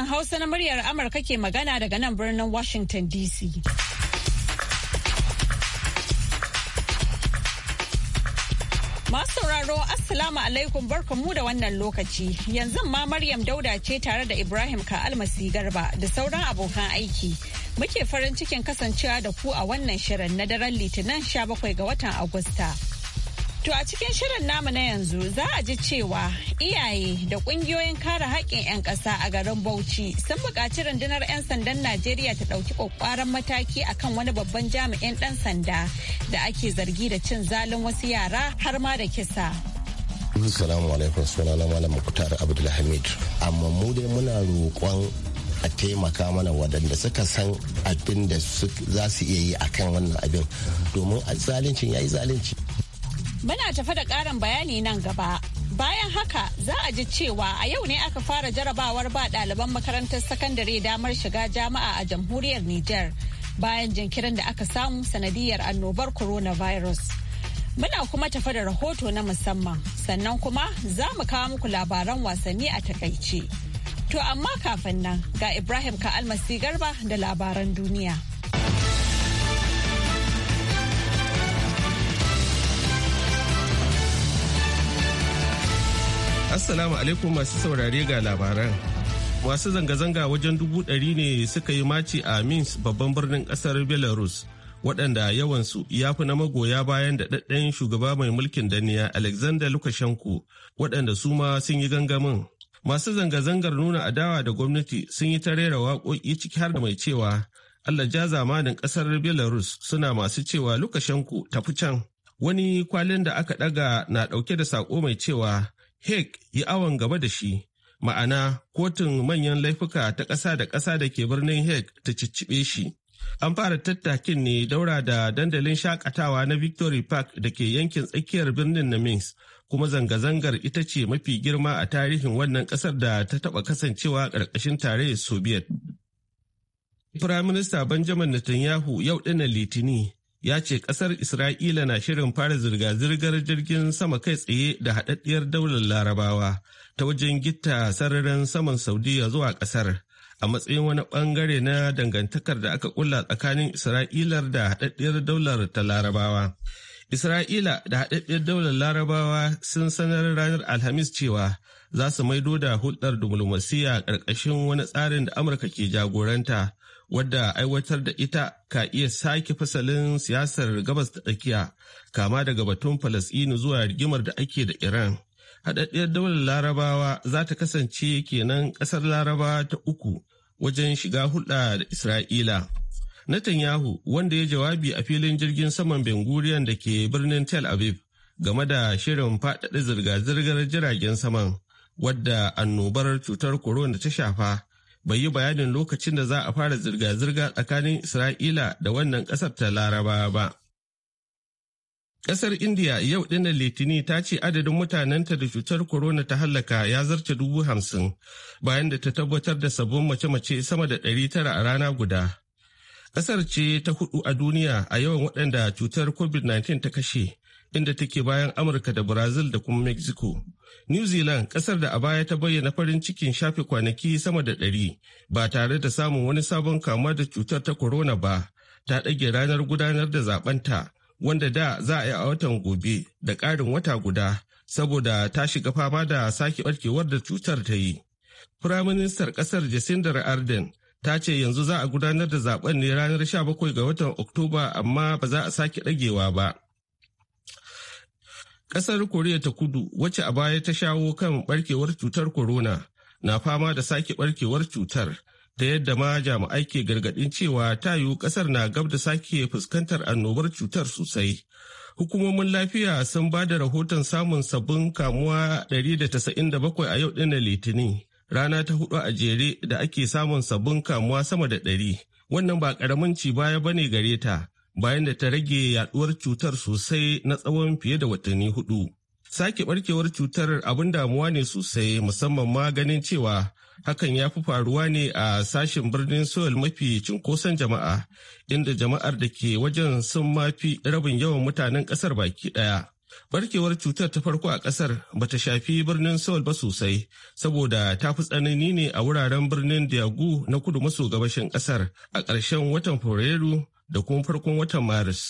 Sashen Hausa na muryar Amurka ke magana daga nan birnin Washington DC. Masu sauraro Assalamu alaikum mu da wannan lokaci. Yanzu ma Maryam Dauda ce tare da Ibrahim Ka'almasi Garba da sauran abokan aiki. Muke farin cikin kasancewa da ku a wannan shirin na daren Litinin 17 ga watan Agusta. To a cikin shirin namu na yanzu za a ji cewa iyaye da kungiyoyin kare haƙƙin 'yan ƙasa a garin Bauchi sun buƙaci rundunar 'yan sandan Najeriya ta ɗauki ƙwaƙƙwaran mataki akan wani babban jami'in ɗan sanda da ake zargi da cin zalin wasu yara har ma da kisa. Assalamu alaikum na Malam Mukhtar Abdulhamid. Amma mu dai muna roƙon a taimaka mana waɗanda suka san abin da za su iya yi akan wannan abin domin zalincin ya yi zalunci Muna tafa da ƙarin bayani nan gaba. Bayan haka za a ji cewa a yau ne aka fara jarabawar ba ɗaliban makarantar sakandare damar shiga jama'a a jamhuriyar Nijar bayan jinkirin da aka samu sanadiyar annobar coronavirus. Muna kuma tafa da rahoto na musamman sannan kuma za mu kawo muku labaran wasanni a takaice. To amma kafin nan ga Ibrahim Ka'almasi Garba da labaran duniya. Assalamu alaikum masu saurare ga labaran. Masu zanga-zanga wajen dubu ɗari ne suka yi maci a Minsk babban birnin ƙasar Belarus, waɗanda yawansu ya fi na magoya bayan da ɗaɗɗen shugaba mai mulkin daniya Alexander Lukashenko, waɗanda su ma sun yi gangamin. Masu zanga-zangar nuna adawa da gwamnati sun yi ta rera waƙoƙi ciki har da mai cewa Allah ja zamanin ƙasar Belarus suna masu cewa Lukashenko tafi can. Wani kwalin da aka ɗaga na ɗauke da saƙo mai cewa Hague yi awon gaba da shi, ma'ana kotun manyan laifuka ta ƙasa da ƙasa da ke birnin Hague ta ciccibe shi. An fara tattakin ne daura da dandalin shakatawa na Victory Park da ke yankin tsakiyar birnin na Minsk, kuma zanga-zangar ita ce mafi girma a tarihin wannan ƙasar da ta taɓa kasancewa ƙarƙashin tarayyar Soviet. Firaminista Benjamin Netanyahu yau ɗina Litini ya ce kasar Isra'ila na shirin fara zirga-zirgar jirgin sama kai tsaye da haɗaɗɗiyar daular larabawa ta wajen gitta sararin saman Saudiya zuwa kasar a matsayin wani ɓangare na dangantakar da aka kulla tsakanin isra'ila da haɗaɗɗiyar daular ta larabawa. Isra'ila da haɗaɗɗiyar daular larabawa sun sanar ranar Alhamis cewa za su maido da hulɗar dumulmasiya ƙarƙashin wani tsarin da Amurka ke jagoranta wadda aiwatar da ita ka iya sake fasalin siyasar gabas ta tsakiya kama daga batun falasɗinu zuwa rigimar da ake da iran haɗaɗɗiyar daular larabawa za ta kasance kenan ƙasar Laraba ta uku wajen shiga hulɗa da isra'ila netanyahu wanda ya jawabi a filin jirgin saman benguriyan da ke birnin tel aviv game da shirin faɗaɗa zirga-zirgar jiragen saman wadda annobar cutar corona ta shafa bai yi bayanin lokacin da za a fara zirga-zirga tsakanin Isra'ila da wannan ƙasar ta Laraba ba. Ƙasar India yau ɗinnan Litini ta ce adadin mutanenta da cutar corona ta hallaka ya zarce dubu hamsin bayan da ta tabbatar da sabbin mace-mace sama da ɗari tara a rana guda. Ƙasar ce ta hudu a duniya a yawan waɗanda cutar COVID-19 ta kashe inda take bayan Amurka da Brazil da kuma Mexico. New Zealand kasar da a baya ta bayyana farin cikin shafe kwanaki sama da ɗari ba tare da samun wani sabon kamuwa da cutar ta corona ba ta ɗage ranar gudanar da zaɓenta wanda da za a yi a watan gobe da ƙarin wata guda saboda ta shiga fama da sake barkewar da cutar ta yi. Firaministar ƙasar Jacinda Ardern ta ce yanzu za a gudanar da zaben ne ranar 17 ga watan Oktoba amma ba za a sake ɗagewa ba. Ƙasar Koriya ta kudu wacce a baya ta shawo kan barkewar cutar corona na fama da sake barkewar cutar Da yadda ma jami'ai ke gargaɗin cewa ta yiwu ƙasar na gab da sake fuskantar annobar cutar sosai. Hukumomin lafiya sun ba da rahoton samun sabbin kamuwa 197 a yau ɗin litinin rana ta hudu a jere da ake samun sabbin kamuwa sama da ɗari. Wannan ba ƙaramin ci baya bane gare ta. bayan da ta rage yaduwar cutar sosai na tsawon fiye da watanni hudu. Sake barkewar cutar abin damuwa ne sosai musamman ma ganin cewa hakan ya fi faruwa ne a sashen birnin Seoul mafi cinkoson jama'a inda jama'ar da ke wajen sun mafi rabin yawan mutanen kasar baki daya. Barkewar cutar ta farko a kasar bata shafi birnin Seoul ba sosai saboda ta fi tsanani ne a wuraren birnin Daegu na kudu maso gabashin kasar a ƙarshen watan Fabrairu da kuma farkon watan maris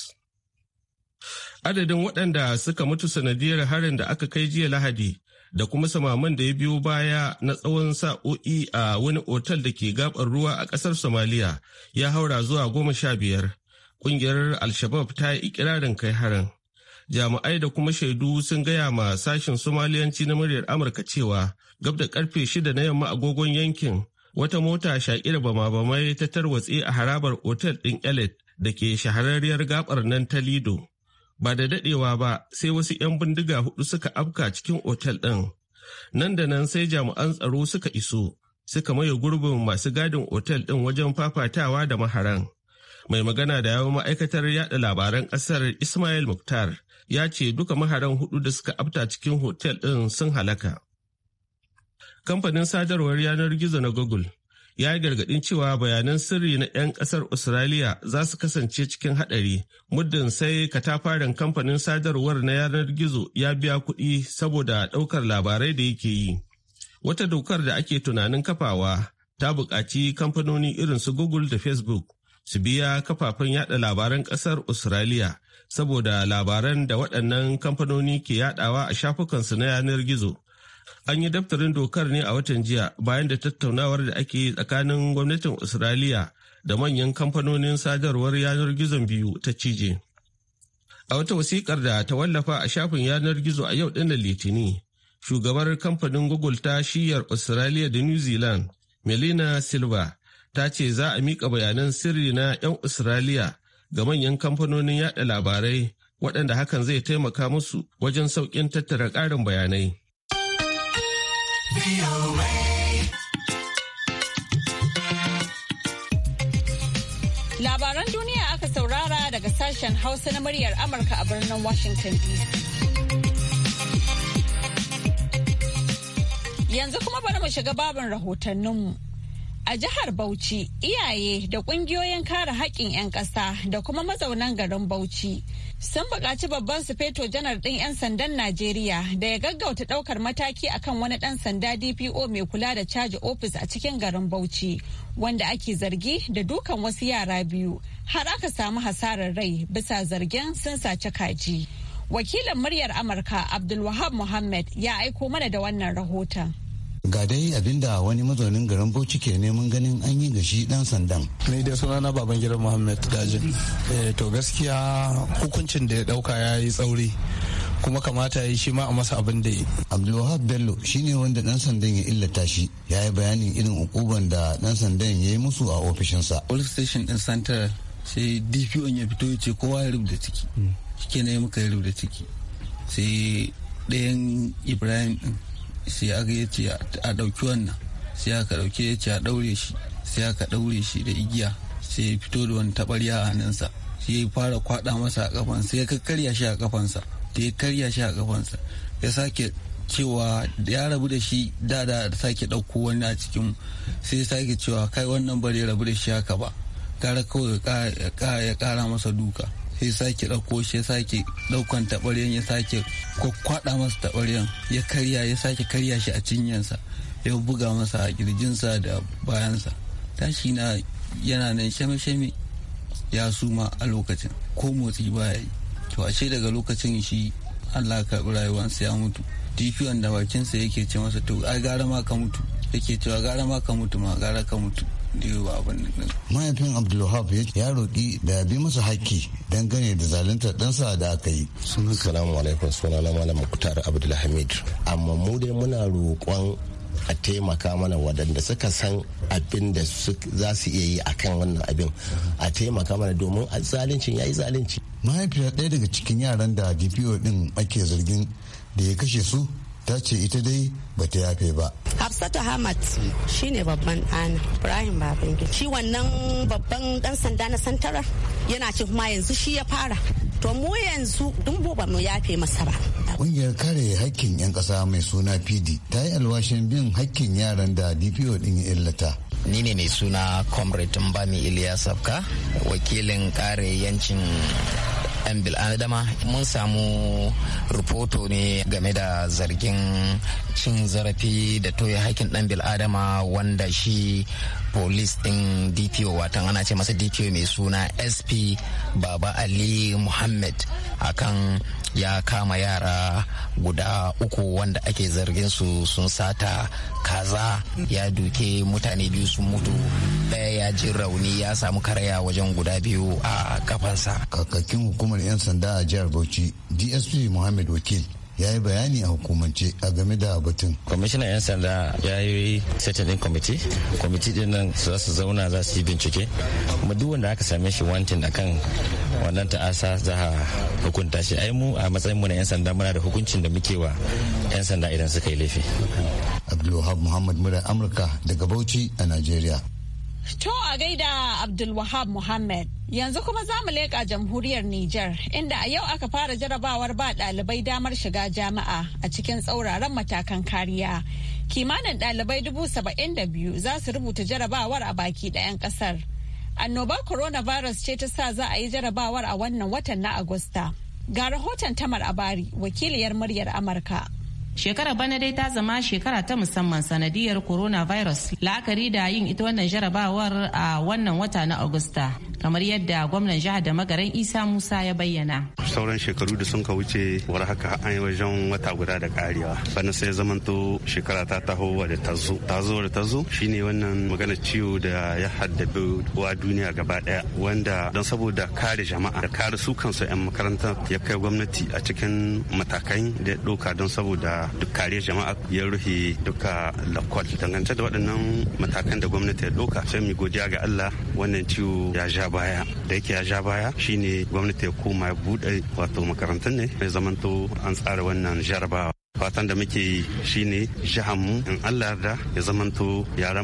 adadin waɗanda suka mutu sanadiyar harin da aka kai jiya lahadi da kuma samaman da ya biyo baya na tsawon sa'o'i a wani otal da ke gabar ruwa a ƙasar somaliya ya haura zuwa goma sha biyar ƙungiyar al-shabab ta yi ikirarin kai harin jami'ai da kuma shaidu sun gaya ma sashen somaliyanci na muryar amurka cewa gab da karfe shida na yamma agogon yankin wata mota shaƙi bama-bamai ta tarwatse a harabar otal ɗin elite da ke shahararriyar gabar nan ta lido ba da daɗewa ba sai wasu 'yan bindiga hudu suka afka cikin otel ɗin nan da nan sai jami'an tsaro suka iso suka maye gurbin masu gadin otel ɗin wajen fafatawa da maharan mai magana da yawon ma'aikatar yada labaran ƙasar ismail muktar ya ce duka maharan hudu da suka afta cikin otel ɗin sun halaka kamfanin sadarwar yanar gizo na google ya yi gargadin cewa bayanan sirri na 'yan kasar Australia za su kasance cikin haɗari muddin sai katafaren kamfanin sadarwar na yanar gizo ya biya kuɗi saboda ɗaukar labarai da yake yi. Wata dokar da ake tunanin kafawa ta buƙaci kamfanoni irin su Google da Facebook su biya kafafen yada labaran ƙasar Australia saboda labaran da waɗannan kamfanoni ke yadawa a shafukansu na yanar gizo. An yi daftarin dokar ne a watan jiya bayan da tattaunawar da ake yi tsakanin gwamnatin Australia da manyan kamfanonin sadarwar yanar gizon biyu ta cije. A wata wasikar da ta wallafa a shafin yanar gizo a yau ɗinnan Litini, shugabar kamfanin Google ta shiyar Australia da New Zealand, Melina Silva, ta ce za a miƙa bayanan sirri na 'yan Australia ga manyan kamfanonin yada labarai waɗanda hakan zai taimaka musu wajen sauƙin tattara ƙarin bayanai. Labaran duniya aka saurara daga sashen Hausa na muryar Amurka a birnin Washington DC. Yanzu kuma bari mu shiga babin rahotanninmu. A jihar Bauchi, iyaye da ƙungiyoyin kare haƙƙin 'yan ƙasa da kuma mazaunan garin Bauchi sun buƙaci babban su Feto janar ɗin 'yan sandan Najeriya da ya gaggauta ɗaukar mataki akan wani ɗan sanda DPO mai kula da caji ofis a cikin garin Bauchi wanda ake zargi da dukan wasu yara biyu har aka samu hasarar rai bisa zargin sun sace kaji. Wakilin muryar Amurka Abdulwahab Muhammad ya aiko mana da wannan rahoton. ga dai abinda wani mazaunin garin bauchi ke neman ganin an yi gashi dan sandan ni da suna na baban gidan muhammad dajin eh, to gaskiya hukuncin da ya dauka ya yi tsauri kuma kamata ya yi shi ma a masa abin da yi. Abdulwahab Bello shine wanda dan sandan ya illata shi ya yi bayanin irin ukuban da dan sandan ya yi musu a ofishinsa. Police station din Central sai DPO ya fito ya ce kowa ya rubuta ciki. Hmm. ke na yi muka rubuta ciki. Sai ɗayan Ibrahim din sai aka yi ce a ɗauki wannan sai aka ɗauke ya a ɗaure shi sai aka ɗaure shi da igiya sai ya fito da wani taɓarya a hannunsa sai ya fara kwaɗa masa a kafan sai ya karya shi a kafansa da ya karya shi a kafansa ya sake cewa ya rabu da shi da da sake ɗauko wani a cikin sai ya sake cewa kai wannan bare rabu da shi haka ba gara kawai ya kara masa duka sai sake ɗauko shi ya sake ɗaukan taɓaryan ya sake kwakwaɗa masa taɓaryan ya karya ya sake karya shi a cinyansa ya buga masa a kirjinsa da bayansa tashi na yana nan shame-shame ya suma a lokacin ko motsi baya yi to ashe daga lokacin shi allah karɓi rayuwarsa ya mutu dp da bakinsa yake ce masa to ai gara ma ka mutu yake cewa gara ma ka mutu ma gara ka mutu diwa abin mahaifin abdulwahab ya roƙi da bi masa haƙƙi dangane da zaluntar ɗansa da aka yi salamu alaikum suna na malam muktar abdulhamid amma mu dai muna roƙon a taimaka mana waɗanda suka san abin da za su iya yi a kan wannan abin a taimaka mana domin zaluncin ya yi zalunci mahaifiyar ɗaya daga cikin yaran da dpo ɗin ake zargin da ya kashe su ta ce ita dai bata yafe ba. Hafsatu Hamad ne babban ɗana Ibrahim Babangida. Shi wannan babban ɗan sanda na santara yana ce kuma yanzu shi ya fara. To mu yanzu dun ba mu yafe masa ba. Ƙungiyar kare hakkin 'yan ƙasa mai suna PD ta yi alwashin bin hakkin yaran da DPO ɗin ya illata. Ni ne mai suna Comrade Mbami Iliyasafka, wakilin kare yancin 'yan bil'adama mun samu rufoto ne game da zargin cin zarafi da toye hakin dan bil'adama wanda shi polis din dpo watan ana ce masa dpo mai suna sp baba ali muhammad akan ya kama yara guda uku wanda ake zargin su sun sata kaza ya duke mutane biyu sun mutu daya ya ji rauni ya samu karaya wajen guda biyu a kafansa kakakin hukumar 'yan sanda a jihar bauchi dsp mohammed wakil ya yi bayani a hukumance a game da batun. kwamishinan 'yan sanda ya yi setanin din kwamiti kwamiti din nan za su zauna za su yi bincike kuma duk wanda aka same shi wantin akan wannan ta'asa za a hukunta shi ai mu a matsayin mu na 'yan sanda muna da hukuncin da muke wa 'yan sanda idan suka yi laifi. abdulwahab muhammad murar amurka daga bauchi a nigeria. To a gaida Abdulwahab Muhammad. Yanzu kuma za mu leƙa jamhuriyar Nijar, inda a yau aka fara jarabawar ba ɗalibai damar shiga jami'a a cikin tsauraran matakan kariya. Kimanin ɗalibai dubu saba'in da biyu za su rubuta jarabawar a baki ɗayan ƙasar. Annobar coronavirus ce ta sa za a yi jarabawar a wannan watan na Agusta. Ga rahoton Tamar Abari, wakiliyar muryar Amurka. Shekarar bana dai ta zama shekara ta musamman sanadiyar coronavirus la'akari da yin ita wannan jarabawar a wannan wata na Agusta. Kamar yadda gwamnan jihar da magaran Isa Musa ya bayyana. Sauran shekaru da sun ka wuce war haka an yi wajen wata guda da karewa. Bana sai zamanto shekara ta taho da ta zo. Ta zo da ta zo shine wannan magana ciwo da ya haddabe wa duniya gaba daya wanda don saboda kare jama'a da kare su kansu 'yan makaranta ya kai gwamnati a cikin matakai da ya ɗauka don saboda duk jama'a ya rufe duka lakwal dangance da waɗannan matakan da gwamnati ya ɗauka sai mu godiya ga Allah wannan ciwo ya ja baya da yake ya ja baya shine gwamnati ya koma ya buɗe wato makarantun ne mai zamanto an tsara wannan jarabawa fatan da muke yi shine mu in allah yarda ya zamanto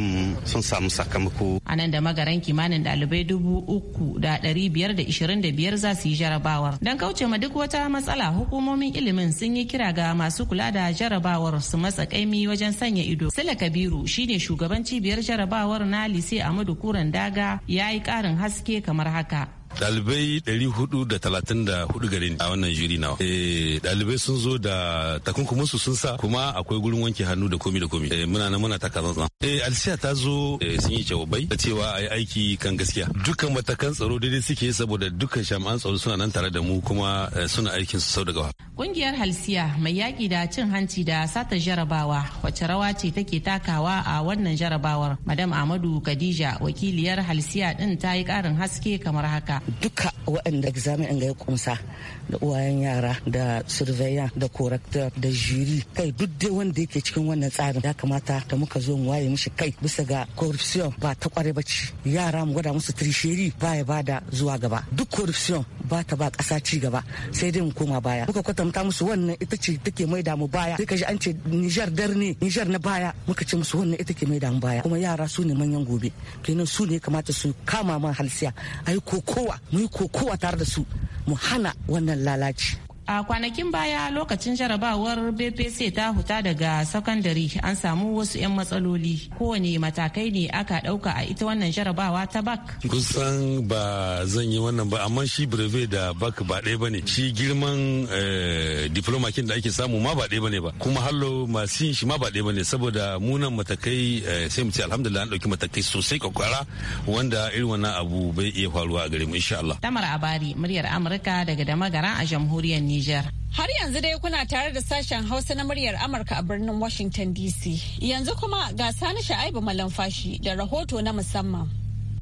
mu sun samu sakamako a nan da magaran kimanin ɗalibai dubu uku da ɗari biyar da ishirin da biyar za su yi jarabawar don kauce ma duk wata matsala hukumomin ilimin sun yi kira ga masu kula da jarabawar su matsa kaimi wajen sanya ido sila kabiru shine shugaban cibiyar jarabawar na lise amadu kuran daga ya yi ƙarin haske kamar haka Dalibai 434 garin a wannan jiri nawa. Eh, dalibai sun zo da takunkumin su sun sa kuma akwai gurin wanke hannu da komi da komi. Eh, muna nan muna taka zanzan Eh Alsiya ta zo eh, sun yi jawabai da cewa a yi aiki kan gaskiya. Dukkan matakan tsaro daidai suke saboda dukkan jami'an tsaro suna nan tare da mu kuma suna aikin su sau da gawa. Kungiyar Halsiya mai yaƙi da cin hanci da sata jarabawa wacce rawa ce take takawa a wannan jarabawar. Madam Amadu Khadija wakiliyar Halsiya ɗin ta yi ƙarin haske kamar haka. duka waɗanda examen ga ya kunsa da uwayen yara da surveya da korakta da jiri kai duk dai wanda yake cikin wannan tsarin ya kamata da muka zo mu waye mishi kai bisa ga corruption ba ta kware ba ci yara mu gwada musu trisheri ya bada zuwa gaba duk corruption ba ta ba ƙasa ci gaba sai dai mu koma baya muka kwatanta musu wannan ita ce take mai mu baya sai ka ji an ce Niger dar ne Niger na baya muka ce musu wannan ita ke mai mu baya kuma yara su ne manyan gobe kenan su ne kamata su kama man halsiya ai kokowa mu yi kokowa tare da su mu hana wannan lalaci A kwanakin baya lokacin jarabawar BPC ta huta daga sakandare an samu wasu 'yan matsaloli kowane matakai ne aka ɗauka a ita wannan jarabawa ta bak. Kusan ba zan yi wannan ba amma shi breve da bak ba ɗaya ba ne shi girman eh, diplomakin da ake samu ma ba ɗaya ba ne ba kuma hallo masu yin shi ma ba ɗaya ba ne saboda munan matakai eh, sai mu ce alhamdulillah an ɗauki matakai sosai kwakwara wanda irin wannan abu bai iya faruwa a gare mu insha Allah. Tamar Abari muryar Amurka daga Damagara a jamhuriyar ne. Nijar. Har yanzu dai kuna tare da sashen Hausa na muryar Amurka a birnin Washington DC. Yanzu kuma ga sani sha'ibu malamfashi da rahoto na musamman.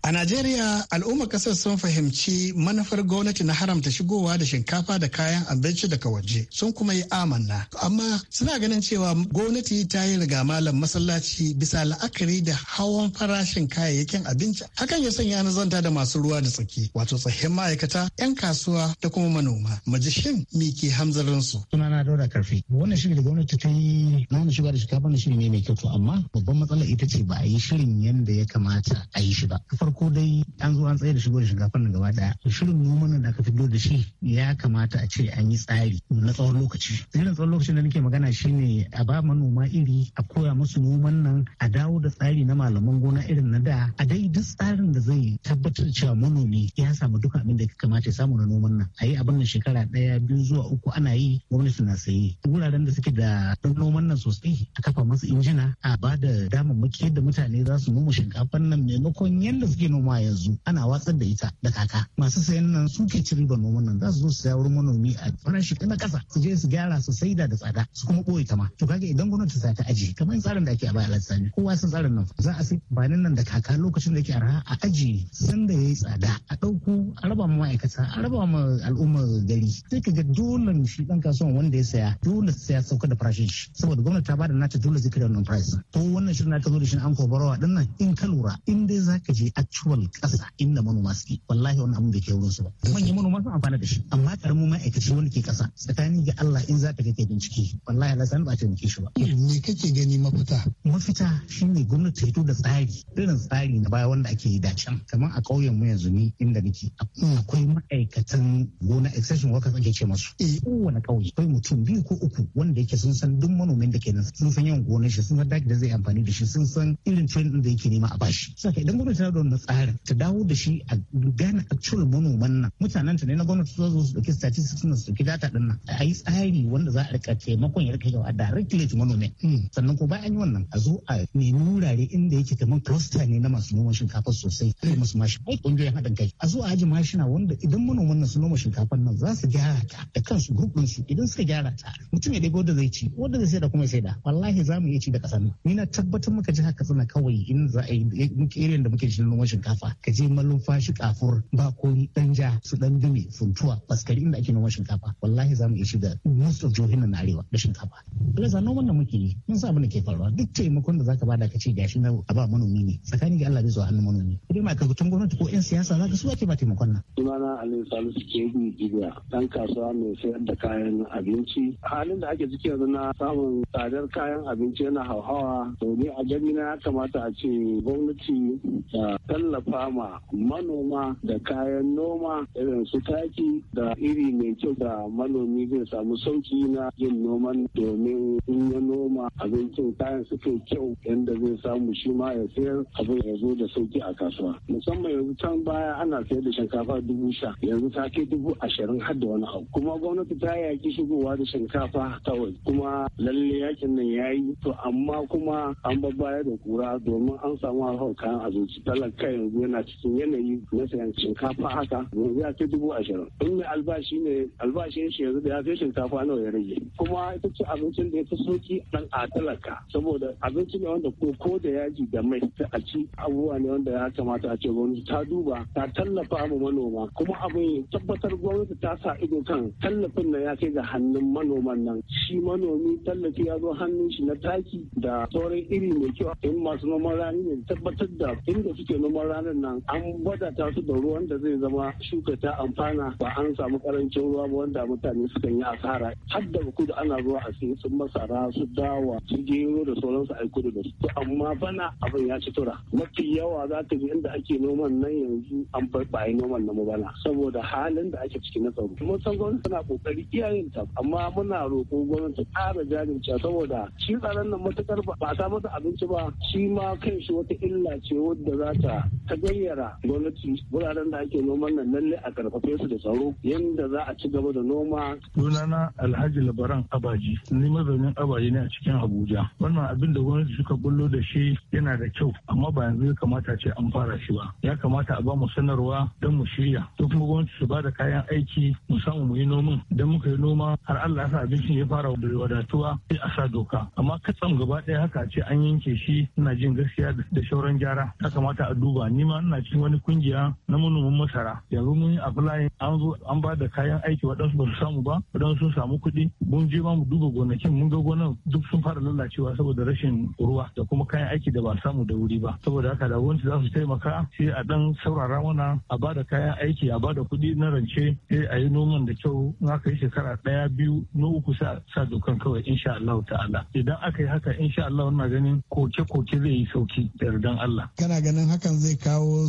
A Najeriya al'ummar kasar sun fahimci manufar gwamnati na haramta shigowa da shinkafa da kayan abinci daga waje sun kuma yi amanna. Amma suna ganin cewa gwamnati ta yi riga malam masallaci bisa la'akari da hawan farashin kayayyakin abinci. Hakan ya sanya na zanta da masu ruwa da tsaki wato tsahin ma'aikata 'yan kasuwa da kuma manoma. Majishin me ke hamzarin su. na Dauda Karfi. Wannan shiri da gwamnati ta yi na shiga da shinkafa na shiri ne mai kyau amma babban matsala ita ce ba a yi shirin yadda ya kamata a yi shi ba. farko dai an zo an tsaye da shigo da shinkafar nan gaba daya shirin noman da aka fito da shi ya kamata a ce an yi tsari na tsawon lokaci irin tsawon lokacin da nake magana shine a ba manoma iri a koya musu noman nan a dawo da tsari na malaman gona irin na da a dai duk tsarin da zai tabbatar cewa manomi ya samu duka abin da ya kamata ya samu na noman nan a yi abin nan shekara daya biyu zuwa uku ana yi gwamnati na sayi. wuraren da suke da don noman nan sosai a kafa masu injina a ba da damammaki yadda mutane za su noma shinkafar nan maimakon yadda suke ake noma yanzu ana watsar da ita da kaka masu sayan nan suke ci riban noman nan za su zo su sayar manomi a farashi na kasa su je su gyara su saida da tsada su kuma ɓoye ta ma to kaga idan gwamnati ta ta aji kamar tsarin da ake a baya lissani kowa sun tsarin nan za a sai banin nan da kaka lokacin da yake arha a aji san da yayi tsada a ɗauko a raba ma ma'aikata a raba ma al'ummar gari sai ka ga dole shi dan kasuwan wanda ya saya dole su saya sauka da farashin shi saboda gwamnati ta bada nata dole zai kada price ko wannan shirin ta zo da shi an kobarawa din nan in ka lura in dai zaka je a ciwon ƙasa inda manoma suke wallahi wani abu da ke wurin su ba manya manoma sun amfana da shi amma karamin ma'aikaci wanda ke ƙasa tsakani ga Allah in za ka ga ke bincike wallahi Allah sani ba ta nake shi ba me kake gani mafita mafita shine gwamnati ta da tsari irin tsari na baya wanda ake yi da can kamar a ƙauyen mu yanzu ni inda nake hmm. akwai ma'aikatan gona extension workers ake ce masu eh. kowane ƙauye akwai mutum biyu ko uku wanda yake sun san duk manomin da ke nan sun san yawan gonar shi sun san daki da zai amfani da shi sun san irin training da yake nema a bashi saka idan gwamnati ta da tsarin ta dawo da shi a gane actual manoman nan mutanen ta ne na gwamnati su su dauki statistics su dauki data din nan a yi tsari wanda za a rika taimakon ya rika yawa directly to manomin hmm. sannan ko bayan wannan a zo a nemi wurare inda yake kamar cluster ne na masu noman shinkafa sosai a yi mashi ai kungiyar haɗin kai a zo a aji mashina wanda idan manoman nan su noma shinkafa nan za su gyara ta da kansu gurbin su idan suka gyara ta mutum ya dai da zai ci wanda zai saida kuma ya saida wallahi za mu iya ci da ƙasar nan ni na tabbatar muka ji haka tsana kawai in za a yi irin da muke shi noma noman shinkafa ka je malumfashi kafur ba ko ja su dan dume funtuwa faskari inda ake noman shinkafa wallahi za mu iya da most of jihohin nan arewa da shinkafa gaza noman da muke yi mun sa abin da ke faruwa duk taimakon da zaka bada ka ce gashi na a ba manomi ne tsakani ga Allah bai zuwa hannun manomi idan ma ka gutun gwamnati ko yan siyasa zaka su ake ba taimakon nan sunana Ali Salisu ke Jibiya dan kasuwa mai sayar da kayan abinci halin da ake ciki yanzu na samun tsadar kayan abinci yana hauhawa to ni a gani na kamata a ce gwamnati tallafa ma manoma da kayan noma irin su taki da iri mai kyau da manomi zai samu sauki na yin noman domin in ya noma abincin kayan su kyau yadda zai samu shi ma ya sayar abin ya zo da sauki a kasuwa musamman yanzu can baya ana sayar da shinkafa dubu sha yanzu ta kai dubu ashirin har da wani abu kuma gwamnati ta yaki shigowa da shinkafa kawai kuma lalle yakin nan ya yi to amma kuma an babbaya da kura domin an samu kayan abinci talaka duka yanzu yana cikin yanayi na sayan shinkafa haka yanzu ya kai dubu ashirin in mai albashi ne albashin shi yanzu da ya kai shinkafa nawa ya rage kuma ita ce abincin da ya fi sauki dan a talaka saboda abinci ne wanda ko ko da yaji da mai ta a ci abubuwa ne wanda ya kamata a ce gwamnati ta duba ta tallafa ma manoma kuma abin tabbatar gwamnati ta sa ido kan tallafin nan ya kai ga hannun manoman nan shi manomi tallafi ya zo hannun shi na taki da sauran iri mai kyau in masu noman rani ne tabbatar da inda suke noman noman ranar nan an wadata su da ruwan da zai zama shuka ta amfana ba an samu karancin ruwa ba wanda mutane suka yi asara har da kudu ana zuwa a sai sun masara su dawa su gero da sauransu a kudu da su amma bana abin ya ci tura mafi yawa za ta ji inda ake noman nan yanzu an barbaye noman na mu bana saboda halin da ake ciki na tsaro kuma san gwamnati tana kokari iyayen ta amma muna roƙo gwamnati ƙara jajirce saboda shi tsaron nan matukar ba a samar abinci ba shi ma kan shi wata illa ce wadda za ta ta gayyara gwamnati wuraren da ake noman nan lalle a karfafe su da tsaro yadda za a ci gaba da noma. Sunana Alhaji Labaran Abaji, ni mazaunin Abaji ne a cikin Abuja. Wannan abin da gwamnati suka bullo da shi yana da kyau amma ba yanzu ya kamata ce an fara shi ba. Ya kamata a ba mu sanarwa don mu shirya. To kuma gwamnati su bada kayan aiki mu samu mu yi noman. Idan muka yi noma har Allah ya sa abincin ya fara wadatuwa sai a sa doka. Amma katsam gaba ɗaya haka ce an yanke shi ina jin gaskiya da shauran gyara. Ya kamata a duba zuwa ni ma ina cikin wani kungiya na manoman masara yanzu mun yi applying an zo an ba da kayan aiki waɗansu ba su samu ba waɗansu sun samu kuɗi mun je ma mu duba gonakin mun ga gonan duk sun fara lalacewa saboda rashin ruwa da kuma kayan aiki da ba samu da wuri ba saboda haka da gwamnati za su taimaka sai a dan saurara mana a ba da kayan aiki a ba da kuɗi na rance sai a yi noman da kyau in aka yi shekara ɗaya biyu na uku sa sa dokan kawai insha Allah ta'ala idan aka yi haka insha Allah wannan ganin koke-koke zai yi sauki da Allah kana ganin hakan zai kawo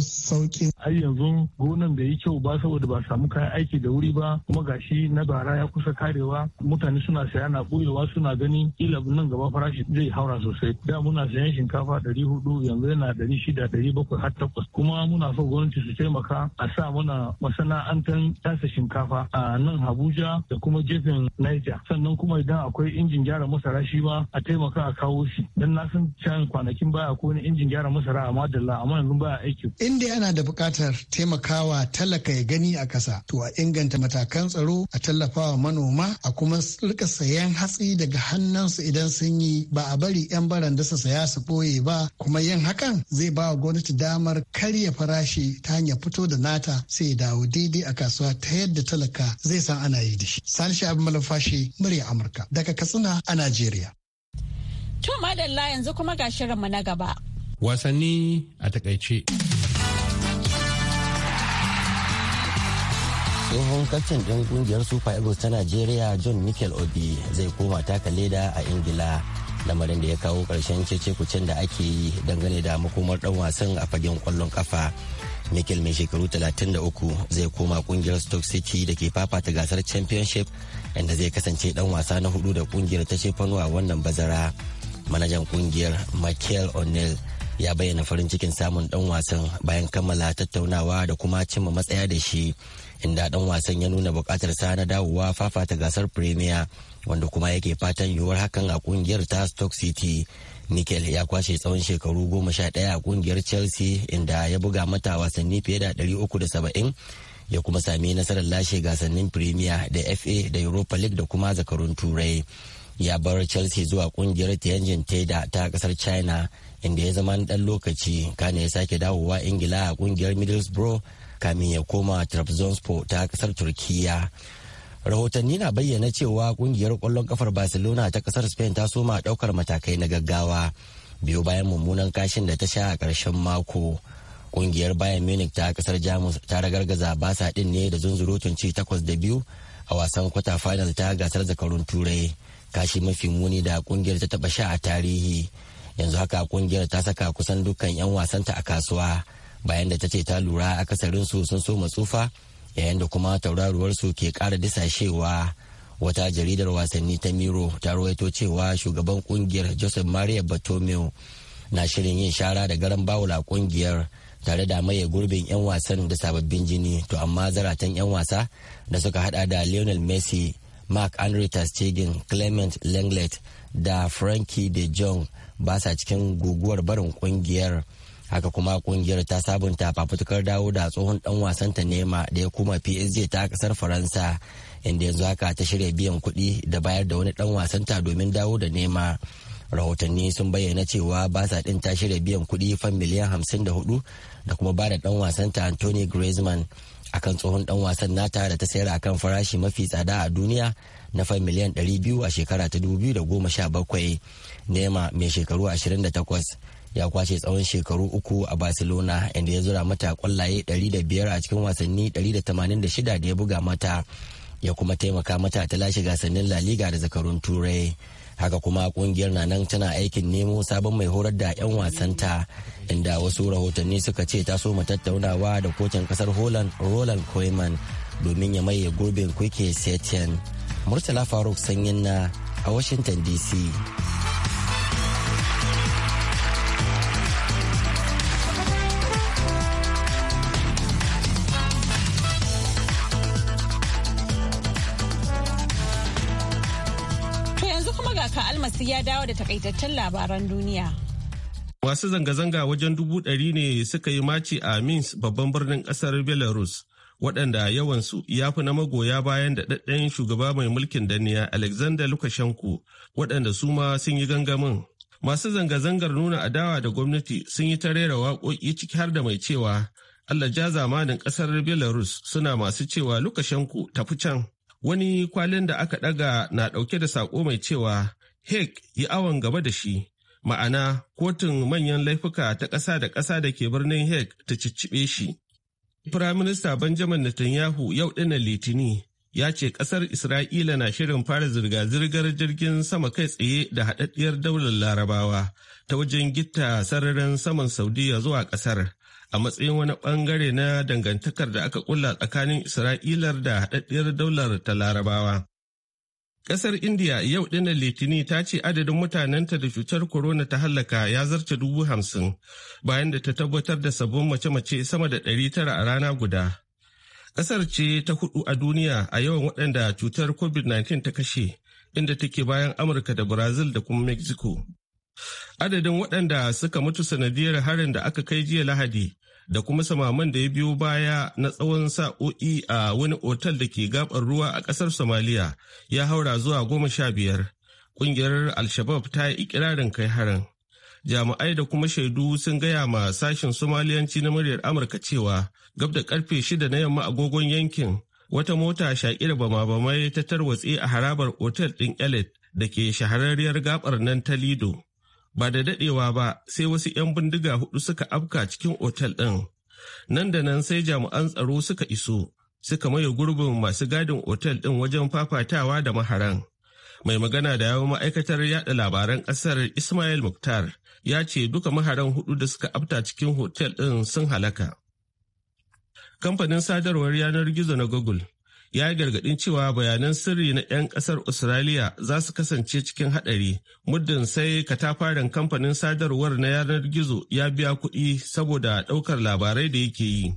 que har yanzu gonan da yi kyau ba saboda ba samu kayan aiki da wuri ba kuma gashi na bara ya kusa karewa mutane suna saya na buyewa suna gani kila nan gaba farashi zai haura sosai da muna sayan shinkafa ɗari hudu yanzu yana ɗari shida ɗari bakwai har takwas kuma muna so gwamnati su taimaka a sa muna masana'antar tasa shinkafa a nan Abuja da kuma gefen Niger sannan kuma idan akwai injin gyara masara shi ma a taimaka a kawo shi dan na san can kwanakin baya ko injin gyara masara a Madalla amma yanzu baya aiki. Inda yana da buƙatar. buƙatar taimakawa talaka ya gani a ƙasa to a inganta matakan tsaro a tallafawa manoma a kuma rika sayan hatsi daga hannunsu idan sun yi ba a bari 'yan baranda su saya su ɓoye ba kuma yin hakan zai ba wa gwamnati damar karya farashi ta hanyar fito da nata sai ya dawo daidai a kasuwa ta yadda talaka zai san ana yi da shi. Sani abin Malafashi murya Amurka daga Katsina a Najeriya. To madalla yanzu kuma ga shirinmu na gaba. Wasanni a takaice. tsohon kaftin ɗin ƙungiyar super eagles ta Nigeria john michael obi zai koma taka leda a ingila lamarin da ya kawo ƙarshen cece-kucen da ake yi dangane da makomar ɗan wasan a fagen kwallon ƙafa michael mai shekaru 33 zai koma ƙungiyar stoke city da ke fafata gasar championship inda zai kasance ɗan wasa na hudu da kungiyar ta ce a wannan bazara manajan ƙungiyar michael o'neill ya bayyana farin cikin samun ɗan wasan bayan kammala tattaunawa da kuma cimma matsaya da shi inda dan wasan ya nuna bukatar sa na dawowa fafata gasar premier wanda kuma yake fatan yiwuwar hakan a kungiyar ta stoke city Nikel ya kwashe tsawon shekaru goma sha ɗaya a kungiyar Chelsea inda ya buga mata wasanni fiye da uku da saba'in ya kuma sami nasarar lashe gasannin Premier da FA da Europa League da kuma zakarun Turai. Ya bar Chelsea zuwa kungiyar Tianjin Teda ta kasar China inda ya zama ɗan lokaci kane ya sake dawowa Ingila a kungiyar Middlesbrough kamin ya koma Trabzonspor ta kasar Turkiyya. Rahotanni na bayyana cewa kungiyar kwallon kafar Barcelona ta kasar Spain ta soma daukar matakai na gaggawa biyo bayan mummunan kashin da ta sha a ƙarshen mako. Kungiyar Bayern Munich ta kasar Jamus ta ragargaza basa din ne da zunzurutun ci takwas da biyu a wasan kwata final ta gasar zakarun turai kashi mafi muni da kungiyar ta taba sha a tarihi yanzu haka kungiyar ta saka kusan dukkan 'yan wasanta a kasuwa bayan da ta ce ta lura akasarinsu sun so tsufa yayin da kuma tauraruwarsu ke kara disashewa wata jaridar wasanni ta miro ta rawaito cewa shugaban kungiyar joseph maria batomeo na shirin yin shara da garan bawula kungiyar tare da maye gurbin 'yan wasan da sababbin jini to amma zaratan 'yan wasa da suka hada da lionel messi mark andre tastegin clement lenglet da frankie de jong ba sa cikin guguwar barin kungiyar. haka kuma kungiyar ta sabunta fafutukar dawo da tsohon dan ta nema da ya kuma psg ta kasar faransa inda yanzu haka ta shirya biyan kuɗi da bayar da wani dan ta domin dawo da nema rahotanni sun bayyana cewa basa din ta shirya biyan kuɗi fan miliyan hamsin da hudu da kuma ba da dan wasanta anthony griezmann akan tsohon dan wasan nata da ta sayar akan farashi mafi tsada a duniya na fan miliyan 200 a shekara ta 2017 nema mai shekaru 28 ya kwashe tsawon shekaru uku a barcelona inda ya zura mata kwallaye 500 a cikin wasanni 186 da ya buga mata ya kuma taimaka mata ta lashe gasannin la liga da zakarun turai haka kuma kungiyar na nan tana aikin nemo sabon mai horar da 'yan wasanta inda wasu rahotanni suka ce ta so tattaunawa da kocin kasar holland roland koeman domin ya maye gurbin kuke setien murtala faruk sanyin na a washington dc ya dawo da takaitaccen labaran duniya. Masu zanga-zanga wajen dubu ɗari ne suka yi maci a Minsk babban birnin ƙasar Belarus, waɗanda yawansu ya fi na magoya bayan da ɗaɗɗen shugaba mai mulkin daniya, Alexander Lukashenko, waɗanda su ma sun yi gangamin. Masu zanga-zangar nuna adawa da gwamnati sun yi ta rera waƙoƙi ciki har da mai cewa Allah ja zamanin ƙasar Belarus suna masu cewa Lukashenko tafi can. Wani kwalin da aka ɗaga na ɗauke da saƙo mai cewa hek yi awon gaba da shi, ma'ana kotun manyan laifuka ta ƙasa da ƙasa da ke birnin Hague ta ciccibe shi. Firaminista Benjamin Netanyahu yau ɗinnan Litini ya ce ƙasar Isra'ila na shirin fara zirga-zirgar jirgin sama kai tsaye da haɗaɗɗiyar daular Larabawa ta wajen gita sararin saman Saudiya zuwa ƙasar a matsayin wani ɓangare na dangantakar da aka ƙulla tsakanin Isra'ilar da haɗaɗɗiyar daular ta Larabawa. Ƙasar India yau ɗin Litini ta ce adadin mutanenta da cutar corona ta hallaka ya zarce dubu hamsin bayan da ta tabbatar da sabbin mace-mace sama da ɗari tara a rana guda. Ƙasar ce ta hudu a duniya a yawan waɗanda cutar COVID-19 ta kashe inda take bayan Amurka da Brazil da kuma Mexico. Adadin waɗanda suka mutu sanadiyar harin da aka kai jiya Lahadi da kuma samaman da ya biyo baya na tsawon sa'o'i a wani otal da ke gabar ruwa a kasar somaliya ya haura zuwa goma sha biyar ƙungiyar Alshabab ta yi ikirarin kai harin jami'ai da kuma shaidu sun gaya ma sashen somaliyanci na muryar amurka cewa gab da karfe shida na yamma agogon yankin wata mota shaƙi da bama-bamai ta tarwatse a harabar Otal ɗin elit da ke shahararriyar gabar nan ta lido ba da dadewa ba sai wasu 'yan bindiga hudu suka afka cikin otal ɗin nan da nan sai jami'an tsaro suka iso suka maye gurbin masu gadin otal ɗin wajen fafatawa da maharan mai magana da yawon ma'aikatar yada labaran ƙasar ismail muktar ya ce duka maharan hudu da suka afta cikin otel ɗin sun halaka kamfanin sadarwar yanar gizo na google ya yi gargadin cewa bayanan sirri na 'yan kasar Australia za su kasance cikin hadari muddin sai katafaren kamfanin sadarwar na yanar gizo ya biya kuɗi saboda ɗaukar labarai da yake yi.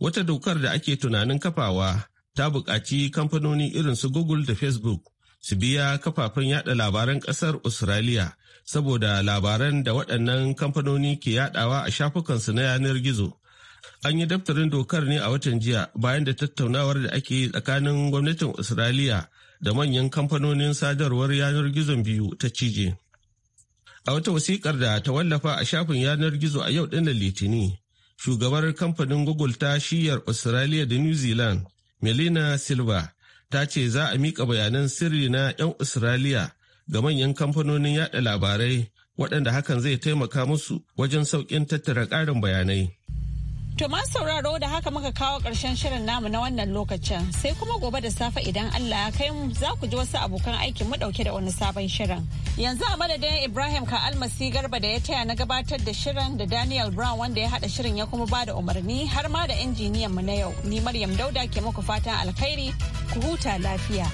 Wata dokar da ake tunanin kafawa ta buƙaci kamfanoni irin su Google da Facebook su biya kafafen yada labaran ƙasar Australia saboda labaran da waɗannan kamfanoni ke yadawa a shafukansu na yanar gizo An yi daftarin dokar ne a watan jiya bayan da tattaunawar da ake yi tsakanin gwamnatin Australia da manyan kamfanonin sadarwar yanar gizon biyu ta cije. A wata wasikar da ta wallafa a shafin yanar gizo a yau ɗinnan Litini, shugabar kamfanin Google ta shiyar Australia da New Zealand, Melina Silva, ta ce za a miƙa bayanan sirri na 'yan Australia ga manyan kamfanonin yada labarai waɗanda hakan zai taimaka musu wajen sauƙin tattara ƙarin bayanai. To ma sauraro da haka muka kawo karshen shirin namu na wannan lokacin sai kuma gobe da safe idan Allah ya kai za ku ji wasu abokan aikin mu dauke da wani sabon shirin. Yanzu a madadin Ibrahim ka almasi garba da ya taya na gabatar da shirin da Daniel Brown wanda ya hada shirin ya kuma ba da umarni har ma da injiniyan mu na yau. Ni Maryam Dauda ke muku fatan alkhairi ku huta lafiya.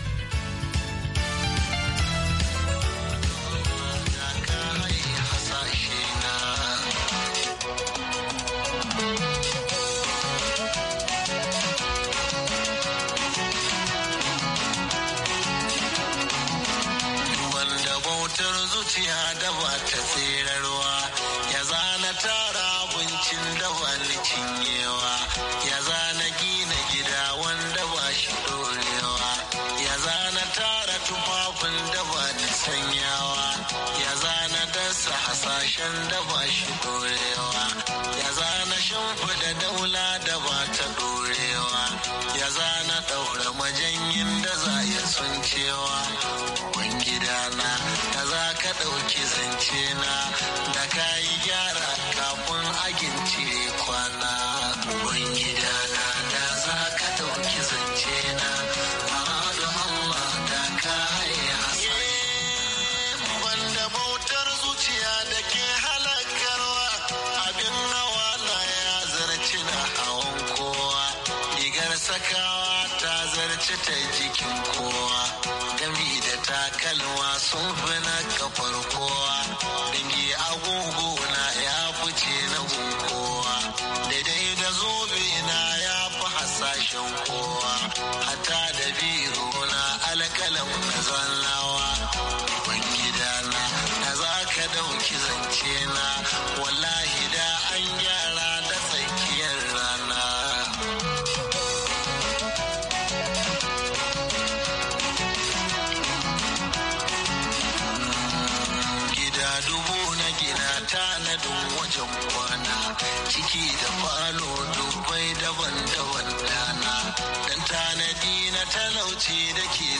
kasance na da ka yi gyara kafin agin cire kwana gida na da za ka ɗauki zance na da eh, da ke sakawa ta zarce ta jikin kowa gami da takalma sun fi na gadon wajen kwana ciki da falo dubai daban-daban dana dan tanadi na talauci da ke